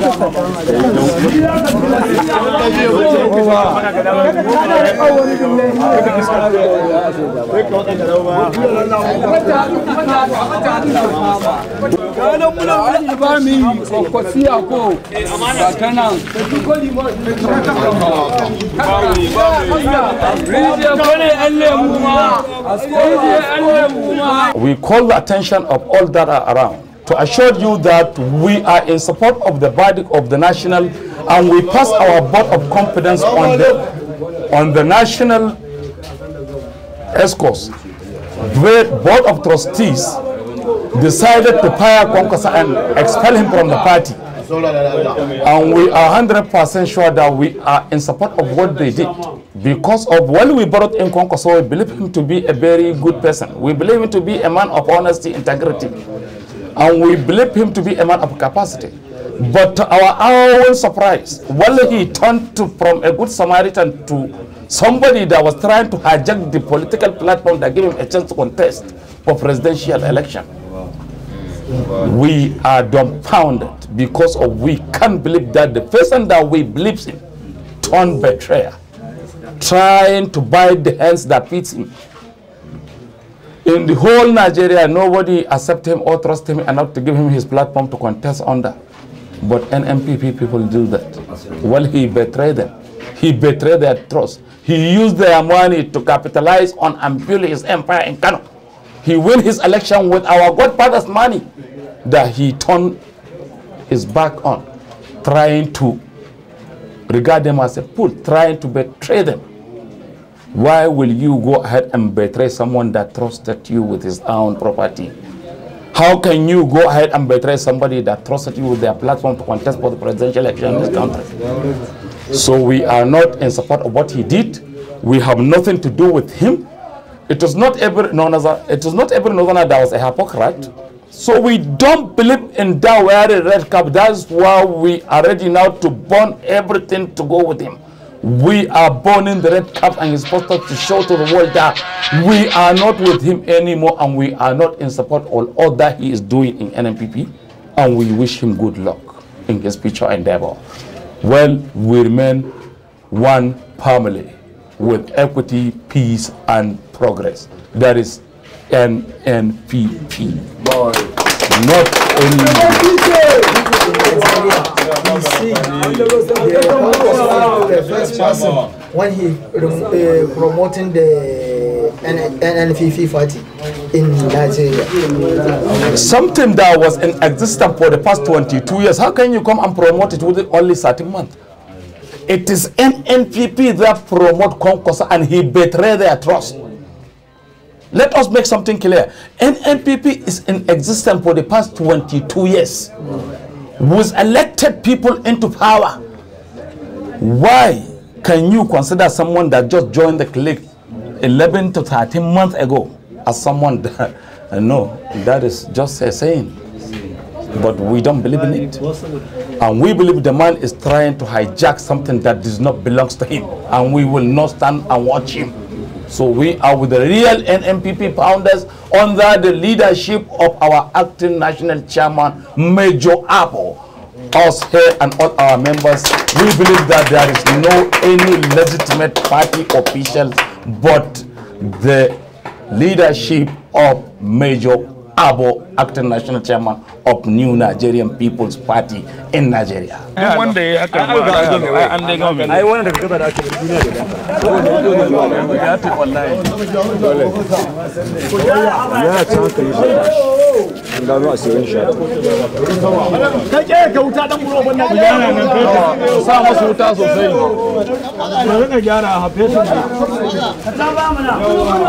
We call the attention of all that are around to assure you that we are in support of the verdict of the national and we pass our vote of confidence on the, on the national escorts. The board of trustees decided to fire Kwankwasa and expel him from the party. And we are 100% sure that we are in support of what they did. Because of while we brought in Kwankwasa, we believe him to be a very good person. We believe him to be a man of honesty, integrity. And we believe him to be a man of capacity. But to our own surprise, when he turned to, from a good Samaritan to somebody that was trying to hijack the political platform that gave him a chance to contest for presidential election. We are dumbfounded because of we can't believe that the person that we believe in turned betrayer, trying to buy the hands that feeds him in the whole Nigeria, nobody accept him or trust him enough to give him his platform to contest under. But NMPP people do that. Well, he betrayed them. He betrayed their trust. He used their money to capitalize on and build his empire in Kano. He win his election with our godfather's money that he turned his back on, trying to regard them as a fool, trying to betray them. Why will you go ahead and betray someone that trusted you with his own property? How can you go ahead and betray somebody that trusted you with their platform to contest for the presidential election in this country? So we are not in support of what he did. We have nothing to do with him. It was not every known as a, it was not every northerner that was a hypocrite. So we don't believe in that wearing red cap. That's why we are ready now to burn everything to go with him. We are burning the red caps and he's supposed to show to the world that we are not with him anymore and we are not in support of all that he is doing in NMPP and we wish him good luck in his future endeavor. Well, we remain one family with equity, peace, and progress. That is NNPP. Boy. Not only. when he uh, promoting the NNPP party in Nigeria. Something that was in existence for the past 22 years, how can you come and promote it within only 30 months? It is NNPP that promote Concourse and he betrayed their trust. Let us make something clear. NNPP is in existence for the past 22 years. Was elected people into power. Why can you consider someone that just joined the clique 11 to 13 months ago as someone that, no, that is just a saying. But we don't believe in it. And we believe the man is trying to hijack something that does not belong to him. And we will not stand and watch him. So we are with the real NMPP founders under the leadership of our acting national chairman, Major Apple, us here and all our members, we believe that there is no any legitimate party official but the leadership of Major Abo, acting national chairman of New Nigerian People's Party in Nigeria. One day, I gano asirin shi ka ke ka dan buro ban nan gyara nan fetur sa masa wuta sosai ka rika gyara a fetur ka ta ba mu